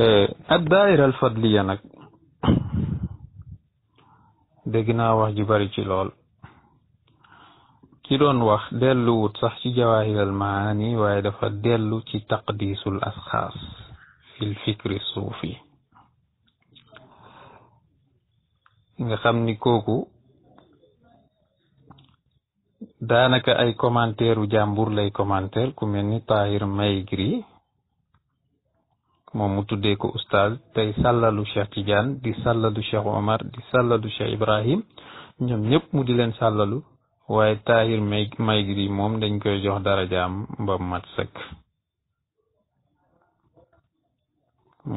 Euh, ak daaira al fadliya nag dégg naa wax ju bari ci lool ki doon wax delluwut sax ci jawaahiral maani waaye dafa dellu ci taqdisul asxaas fil fikri suufi nga xam ni kooku daanaka ay commentaire u jàmbur lay commentaire ku mel ni Tahir moom mu tuddee ko oustaz tey sàllalu Cheikh Tidiane di sàllalu Cheikh Omar di sàllalu Cheikh Ibrahim ñoom ñëpp mu di leen sàllalu waaye Tahir may moom dañ koy jox darajaam mbam mat sëkk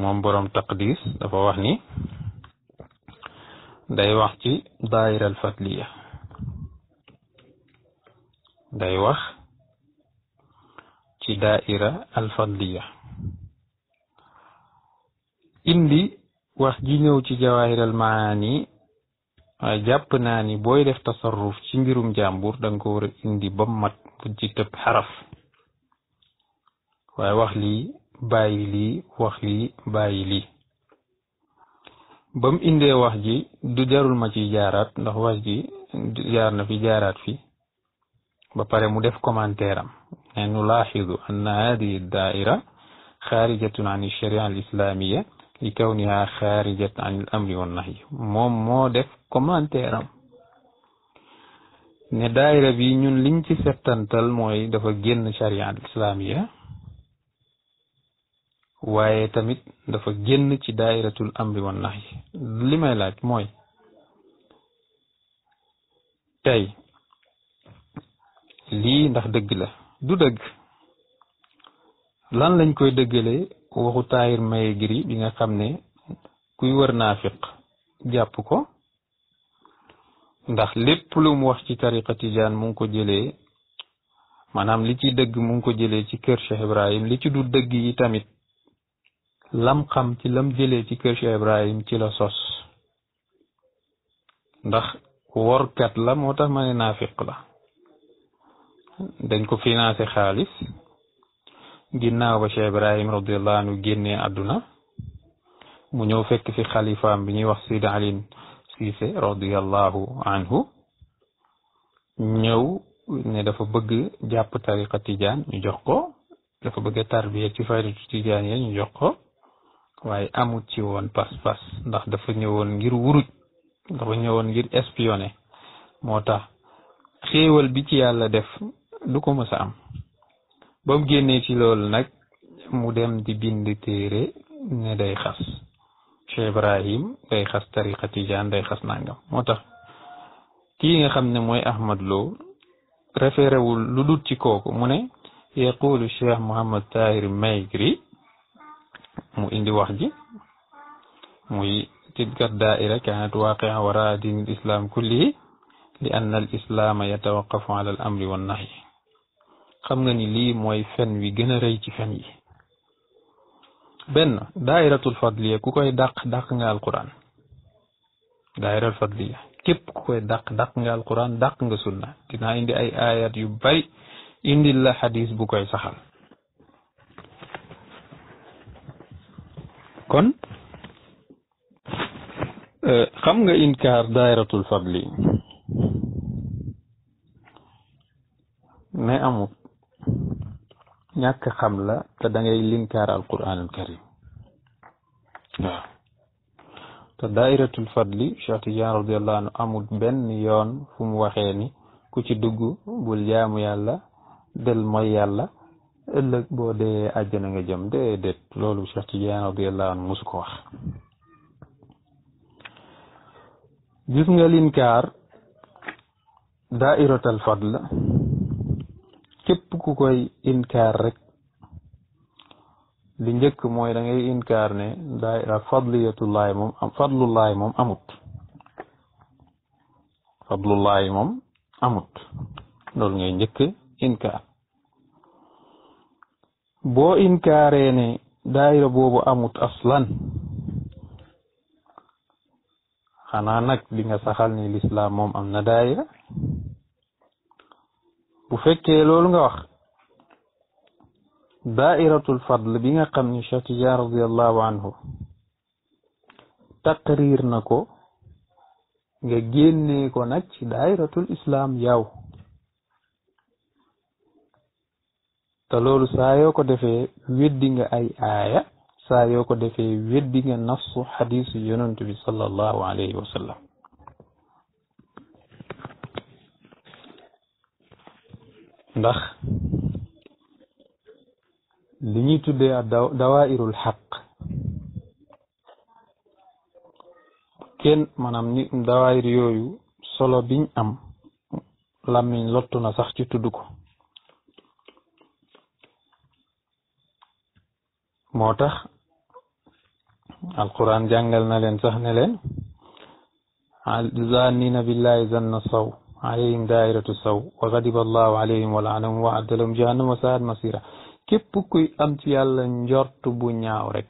moom boroom taqdis dafa wax ni day wax ci daayira al fatliya day wax ci daayira al fatliya indi wax ji ñëw ci jawaahiral maani waaye jàpp naa ni booy def tasarruf ci mbirum jàmbur da nga ko indi ba mat bu ci tëb xaraf waaye wax lii bàyyi lii wax lii bàyyi lii ba mu indee wax ji du jarul ma ci jaaraat ndax wax ji jaar na fi jaaraat fi ba pare mu def commentaire am ne nulaaxidu anna hadihi daaira xaarijatun an sharia al لكونها خارجة عن الأمر والنهي موم مو ديف كومنتيرام ني دايره بي نون لين سي سيتانتال موي دافا ген شريعه الاسلاميه waye tamit dafa genn ci dairatul amri wan nahy limay laaj moy tay li ndax deug lan lañ koy dëggale waxu taayir maye giri bi nga xam ne kuy wër naafiq jàpp ko ndax lépp lu mu wax ci tariqa tijaan mu ngi ko jële maanaam li ci dëgg mu ngi ko jëlee ci kër Cheikh Ibrahim li ci du dëgg yi tamit lam xam ci lam jëlee ci kër Cheikh Ibrahim ci la sos ndax workat la moo tax mane ne naafiq la dañ ko financé xaalis ginnaaw ba Cheikh Ibrahim radiallahu anhu génnee àdduna mu ñëw fekk fi xalifaam bi ñuy wax Sidi Alin Cissé radiallahu anhu ñëw ne dafa bëgg jàpp tariqa tijaan ñu jox ko dafa bëgg tarbiya ci faydatu tijaan ya ñu jox ko waaye amut ci woon pas-pas ndax dafa ñëwoon ngir wuruj dafa ñëwoon ngir espionné moo tax xéewal bi ci yàlla def du ko mës a am ba mu génnee ci loolu nag mu dem di bind téere ne day xas Cheikh Ibrahim day xas tariqa tijaan day xas nangam moo tax kii nga xam ne mooy Ahmad Lo référé wul lu dul ci kooku mu ne yaqulu Cheikh Mouhamad Tahir Maigri mu indi wax ji muy تلك الدائرة كانت واقعة وراء دين الإسلام كله لأن الإسلام يتوقف على الأمر والنهي xam nga ni lii mooy fen wi gën a rëy ci fen yi benn daayiratul fadliya ku koy dàq dàq nga alquran daayiratul képp ku koy dàq dàq nga alquran dàq nga sunna dinaa indi ay ayat yu bari indil la xadis bu koy saxal kon euh, xam nga inkaar daayiratul fadli ne amul ñàkk xam la te da ngay linkaar alquran al karim fadli Cheikh Tidiane radiallahu anhu amul benn yoon fu mu waxee ni ku ci dugg bul jaamu yàlla del mooy yàlla ëllëg boo dee àjjana nga jëm déedéet loolu Cheikh Tidiane radiallahu anhu mosu ko wax gis nga linkaar daairatul fadl képp ku koy inkaar rek li njëkk mooy da ngay inkaar ne daaira fadliyatullahi moom am fadlullahi moom amut fadlullahi moom amut loolu ngay njëkk inkaar boo inkaaree ne daaira boobu amut aslan xanaa nag li nga saxal ni lislaam moom am na daaira bu fekkee loolu nga wax daairatul fadl bi nga xam ni Cheikh Tijaan radiallahu anhu taqrir na ko nga génne ko nag ci daairatul islam yaw te loolu saa yoo ko defee weddi nga ay aaya saa yoo ko defee weddi nga nafsu xadiisu yonent bi sallallahu alayhi wa sallam ndax li ñuy tuddee ak dawairul xaq kenn maanaam ni dawaayir yooyu solo biñ am làmmiñ lottu na sax ci tudd ko moo tax alquran jàngal na leen sax ne leen zannina billahi na saw alayhim daairatu saw wa yàlla njort bu ñaaw rek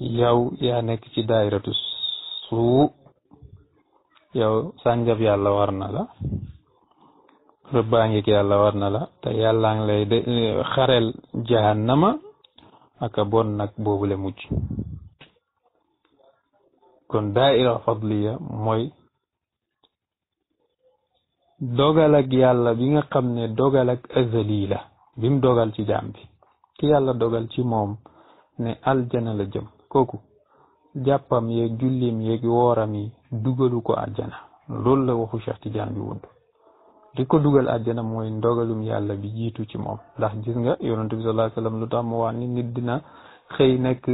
yaa nekk ci daairatu suu yow sànjab yàlla war na la rëbbaangeek yàlla war na la te yàlla ngi lay de xareel jahannama aka bon boobule mujj kon daaira fadliya mooy dogal ak yàlla bi nga xam ne dogal ak azali la bim dogal ci jaam ki yàlla dogal ci moom ne aljana la jëm kooku jàppam yeeg jullim yeeg wooram yi dugalu ko aljana loolu la waxu Cheikh Tidiane bi wund li ko dugal aljana mooy ndogalum yàlla bi jiitu ci moom ndax gis nga yonent bi sallallahu lu tax mu wax ni nit dina xëy nekk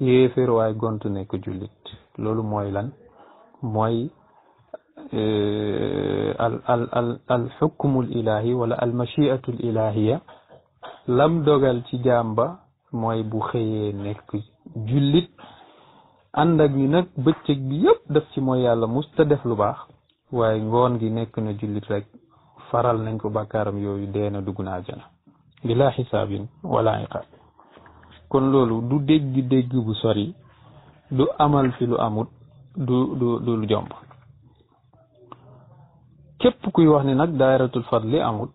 yéeféer waaye gont nekk jullit loolu mooy lan mooy e, al al al al xukmul ilahi wala al machiatul ilahiya lam dogal ci jàmba mooy bu xëyee nekk jullit ànd ak ni nag bëccëg bi yëpp def ci mooy yàlla mus def lu baax waaye ngoon gi nekk na jullit rek faral nañ ko bàkkaaram yooyu dee na dugg naa jana bilaa xisaabin wala iqaab kon loolu du dégg-dégg bu sori du amal fi lu amut du du du jomb képp kuy wax ni nag daayratul fadli amut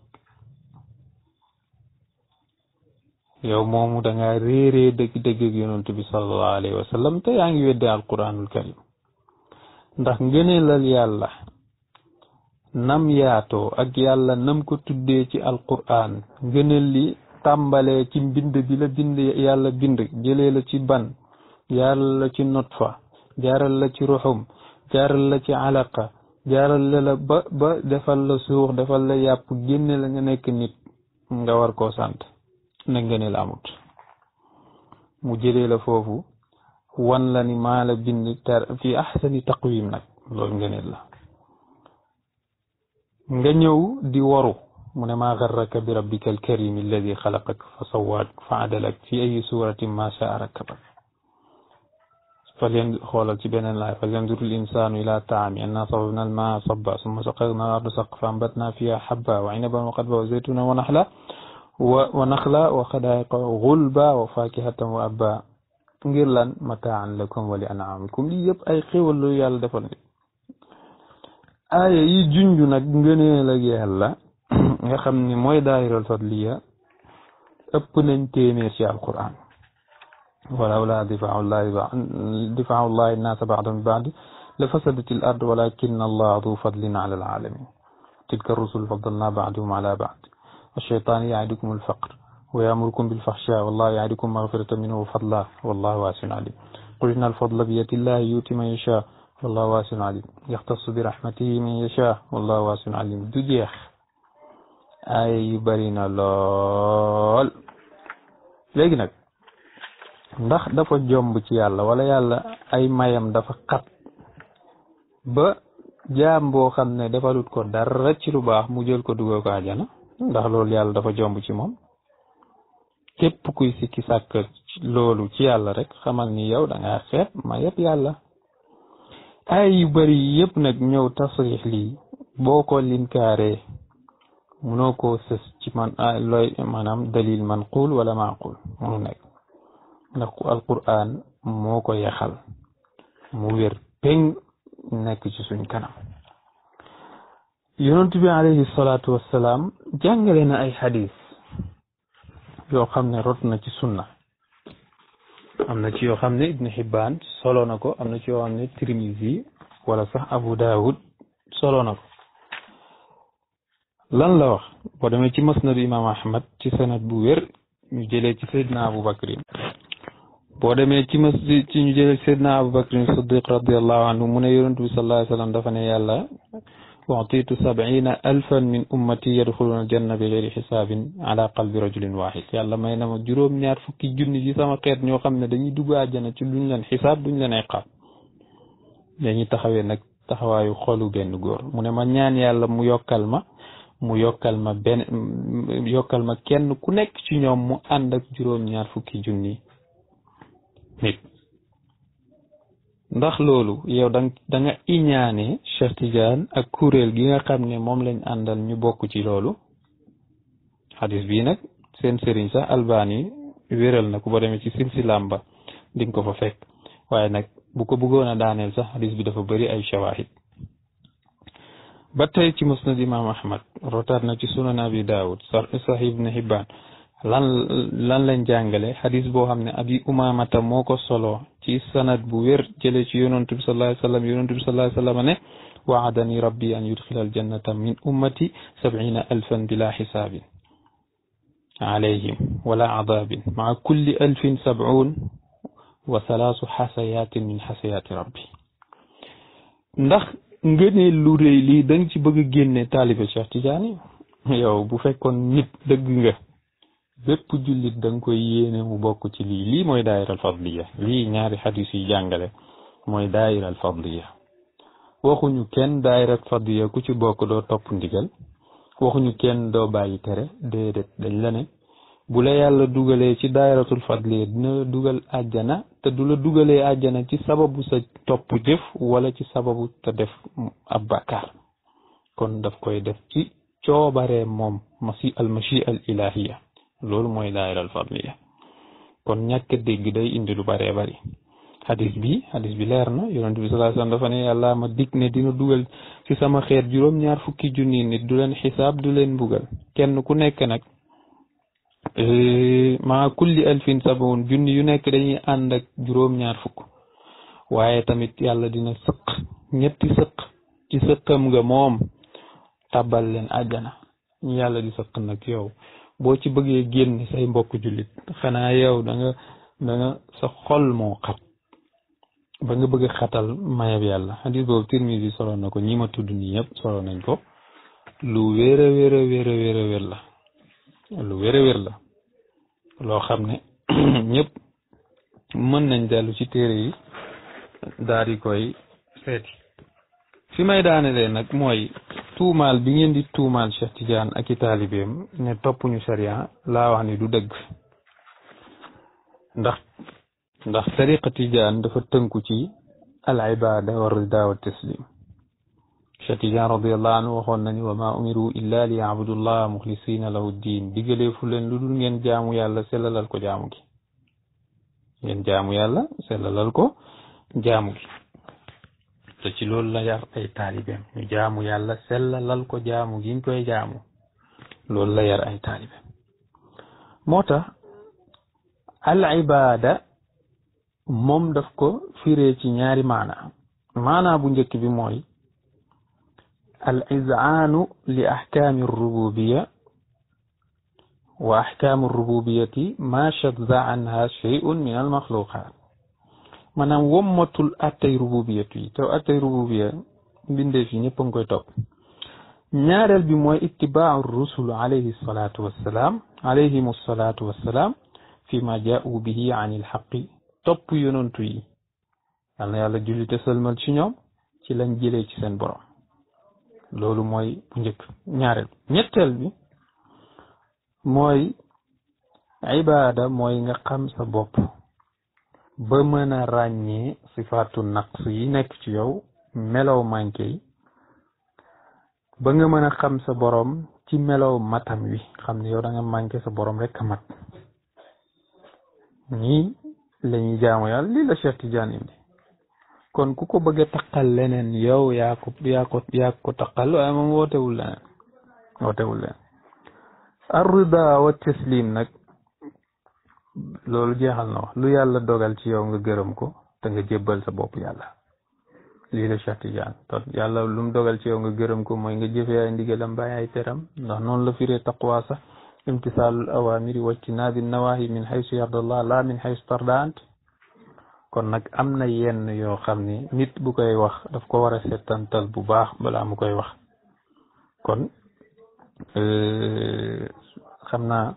yow moomu danga ngaa réeree dëgg-dëgg ak bi sallallahu alayhi te yaa ngi weddee alquranul karim ndax ngëneelal yàlla nam yaatoo ak yàlla nam ko tuddee ci alquran ngëneel li tàmbalee ci mbind bi la bind yàlla bind jëlee la ci ban جعل لك النطفة جعل لك رحم جعل لك علاقة جعل لك با با دفل لسوخ دفل لياب جن لنجنك نت نغوار كوسانت نغني لاموت مجري لفوفو وان لني مال بن تر في أحسن تقويم نك لو نغني الله نغنيو دي ورو من ما غرك بربك الكريم الذي خلقك فصواك فعدلك في أي سورة ما شاء ركبك falyan xoolal ci beneen laay falyandur al insaanu ila taami anna sababna al maa sabba summa saqaqna al arda saqfa ambatna fiha habba wa inaban wa qadba wa zaytuna wa naxla wa naxla wa xadaaiqa gulba wa fakihatan wa abba ngir lan mataan lakum wa li anaamikum lii yëpp ay xéwal lu yàlla defal ni aaya yi junj nag ngëneel ak yàlla nga xam ni mooy daayiral fadliya ëpp nañ téeméer ci alquran ولولا دفاع الله دفاع الله الناس بعضهم ببعض لفسدت الأرض ولكن الله ذو فضل على العالمين تلك الرسل فضلنا بعضهم على بعض الشيطان يعدكم الفقر ويأمركم بالفحشاء والله يعدكم مغفرة منه وفضلا والله واسع عليم قل إن الفضل بيد الله يؤتي من يشاء والله واسع عليم يختص برحمته من يشاء والله واسع عليم دجيخ اي برين لول na ndax dafa jomb ci yàlla wala yàlla ay mayam dafa xat ba jaam boo xam ne defalut ko dara ci lu baax mu jël ko dugal ko àjjana ndax loolu yàlla dafa jomb ci moom képp kuy sikki sàkk loolu ci yàlla rek xamal ni yow da ngaa ma yëpp yàlla ay yu bari yëpp nag ñëw tasrix lii boo ko linkaaree munoo koo sës ci man ah, looy maanaam dalil manqul wala maaqul munu nekk ndax alquran moo ko yaxal mu wér peñ nekk ci suñ kanam yonent bi alayhi salaatu wassalaam jàngale na ay xadis yoo xam ne rot na ci sunna am na ci yoo xam ne ibnu Hibbaan solo na ko am na ci yoo xam ne Tirmisi wala sax Abu Daawud solo na ko lan la wax boo demee ci masnadu imaam Ahmad ci sanad bu wér ñu jëlee ci sayyidna Abu Bakrin boo demee ci masjid ci ñu jëlee seydna abubakrin siddiq radiallahu anhu mu ne yonent bi sallallahu alayhi wa sallam dafa ne yàlla waxtiitu sabina alfan min ummati yadxuluna aljanna bi xeyri xisaabin ala qalbi rajulin waxid yàlla may na ma juróom ñaar fukki junni ci sama xeet ñoo xam ne dañuy dugaa àjjana ci luñ leen xisaab duñ leen iqaab dañuy taxawee nag taxawaayu xoolu benn góor mu ne ma ñaan yàlla mu yokkal ma mu yokkal ma benn yokkal kenn ku nekk ci ñoom mu ànd ak juróom ñaar fukki junni ndax loolu yow da da nga iñaane Cheikh Tidiane ak kuréel gi nga xam ne moom lañ àndal ñu bokk ci loolu xadis bii nag seen sëriñ sax albani wéral na ku ba demee ci silsilaam ba di nga ko fa fekk waaye nag bu ko bëggoon a daaneel sax xadis bi dafa bari ay shawahid ba tey ci musnad imam ahmad rotaat na ci sunan abi daawud sahih ibn lan lan lañ jàngale xadis boo xam ne abi umamata moo ko solo ci sanad bu wér jële ci yonantu bi sallallahu alayhi wasallam yonantu bi sallallahu alayhi wasallam ne waadani rabbi an yudxila aljannata min ummati sabina alfan bila xisaabin alayhim wala adabin maa kulli alfin sabun wa danga ci bëgg génne taalibe Cheikh Tidiane yow bu fekkoon nit dëgg bépp jullit da koy yéene mu bokk ci lii lii mooy daayira alfadliya lii ñaari xadis yi jàngale mooy daayira alfadliya waxuñu kenn daayira alfadliya ku ci bokk doo topp ndigal waxuñu kenn doo bàyyi tere déedéet dañ la ne bu la yàlla dugalee ci daayiratul fadliya dina la dugal àjjana te du la dugalee àjjana ci sababu sa topp jëf wala ci sababu te def ab bàkkaar kon daf koy def ci coobaree moom masi al machi al ilahiya loolu mooy daayiral fadliya kon ñàkk dégg day indi lu bëree bari hadis bi hadis bi leer na yonent bi sallallahu alayhi wasallam dafa ne yàlla ma dig ne dina dugal ci sama xeet juróom-ñaar fukki junni du leen xisaab du leen mbugal kenn ku nekk nag eh, maa kulli alfin sabun junni yu nekk dañuy ànd ak juróom-ñaar fukk waaye tamit yàlla dina sëq ñetti sëq ci sëqam nga moom tabal leen àjjana ñu yàlla di sëq nag yow boo ci bëggee génn say mbokk jullit xanaa yow danga nga da nga sa xol moo xat ba nga bëgg xatal mayab yàlla xadis boobu Tirmisi bi solo na ko ñi ma tudd nii yëpp solo nañ ko lu wér a wér a lu wér wér la loo xam ne ñëpp mën nañ dellu ci téere yi daal koy seeti fi may daanelee nag mooy tuumaal bi ngeen di tuumaal Cheikh Tidiane ak i taalibeem ne toppuñu sariya laa wax ni du dëgg ndax ndax tariqa Tidiane dafa tënku ci al ibada wa rida wa taslim Cheikh Tidiane radiallahu waxoon nañu wa ma umiru illa li yaabudullah muxlisina lahu diin diggaleefu leen lu dul ngeen jaamu yàlla sellalal ko jaamu gi ngeen jaamu yàlla sellalal ko jaamu gi te ci loolu la yar ay taalibeem jaamu yàlla sellalal ko jaamu giñ koy jaamu loolu la yar ay taalibeem moo tax al ibaada moom daf ko firee ci ñaari maana maana bu njëkk bi mooy al izaanu li ahkaami rububiya wa ahkaami rububiyati ma shadza anha shay'un min al maxluqaat maanaam wommatul attay rububiyatu yi te attay rububiya mbindeef yi ñëpp a koy topp ñaareel bi mooy ittibaau rusul alayhi salaatu wassalaam alayhimu salaatu wassalaam fi ma jaau bihi an il xaqi topp yal na yàlla julli te sëlmal ci ñoom ci lañ jëlee ci seen borom loolu mooy bu ñaareel bi ñetteel bi mooy ibaada mooy nga xam sa bopp ba mën a ràññee sifaatu naqs yi nekk ci yow melow manqué yi ba nga mën a xam sa boroom ci melow matam wi xam ne yow danga nga sa boroom rek a mat ñii la ñuy jaamu yàlla lii la Cheikh Tidiane indi kon ku ko bëgg a taqal leneen yow yaa ko yaa ko yaa ko taqal waaye moom wootewul leneen wootewul leneen arrida wa taslim loolu jeexal na wax lu yàlla dogal ci yow nga gërëm ko te nga jébbal sa bopp yàlla lii la Cheikh Tidiane yàlla lum dogal ci yow nga gërëm ko mooy nga jëfee ay ndigalam bàyyi ay teram ndax noonu la firee taqwa sax imtisaalul awamiri wajtinaabi nawahi min xaysu yardallah la min xaysu tarda kon nag am na yenn yoo xam ni nit bu koy wax daf ko war a settantal bu baax balaa mu koy wax kon euh, xam naa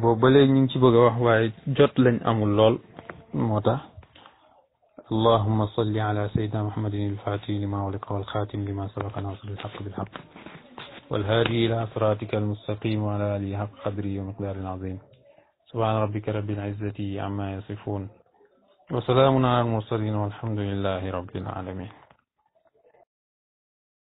boobu ba léegi ñu ngi ci bëgg a wax waaye jot lañ amul lool moo tax allahuma salli ala sayidina muhammadin ilfatih lima uliqa walxatim lima sabaqa nasr ilxaq bilxaq والهادي إلى صراطك المستقيم وعلى آله حق قدره ومقداره العظيم سبحان ربك رب العزة عما يصفون وسلام على المرسلين والحمد لله رب العالمين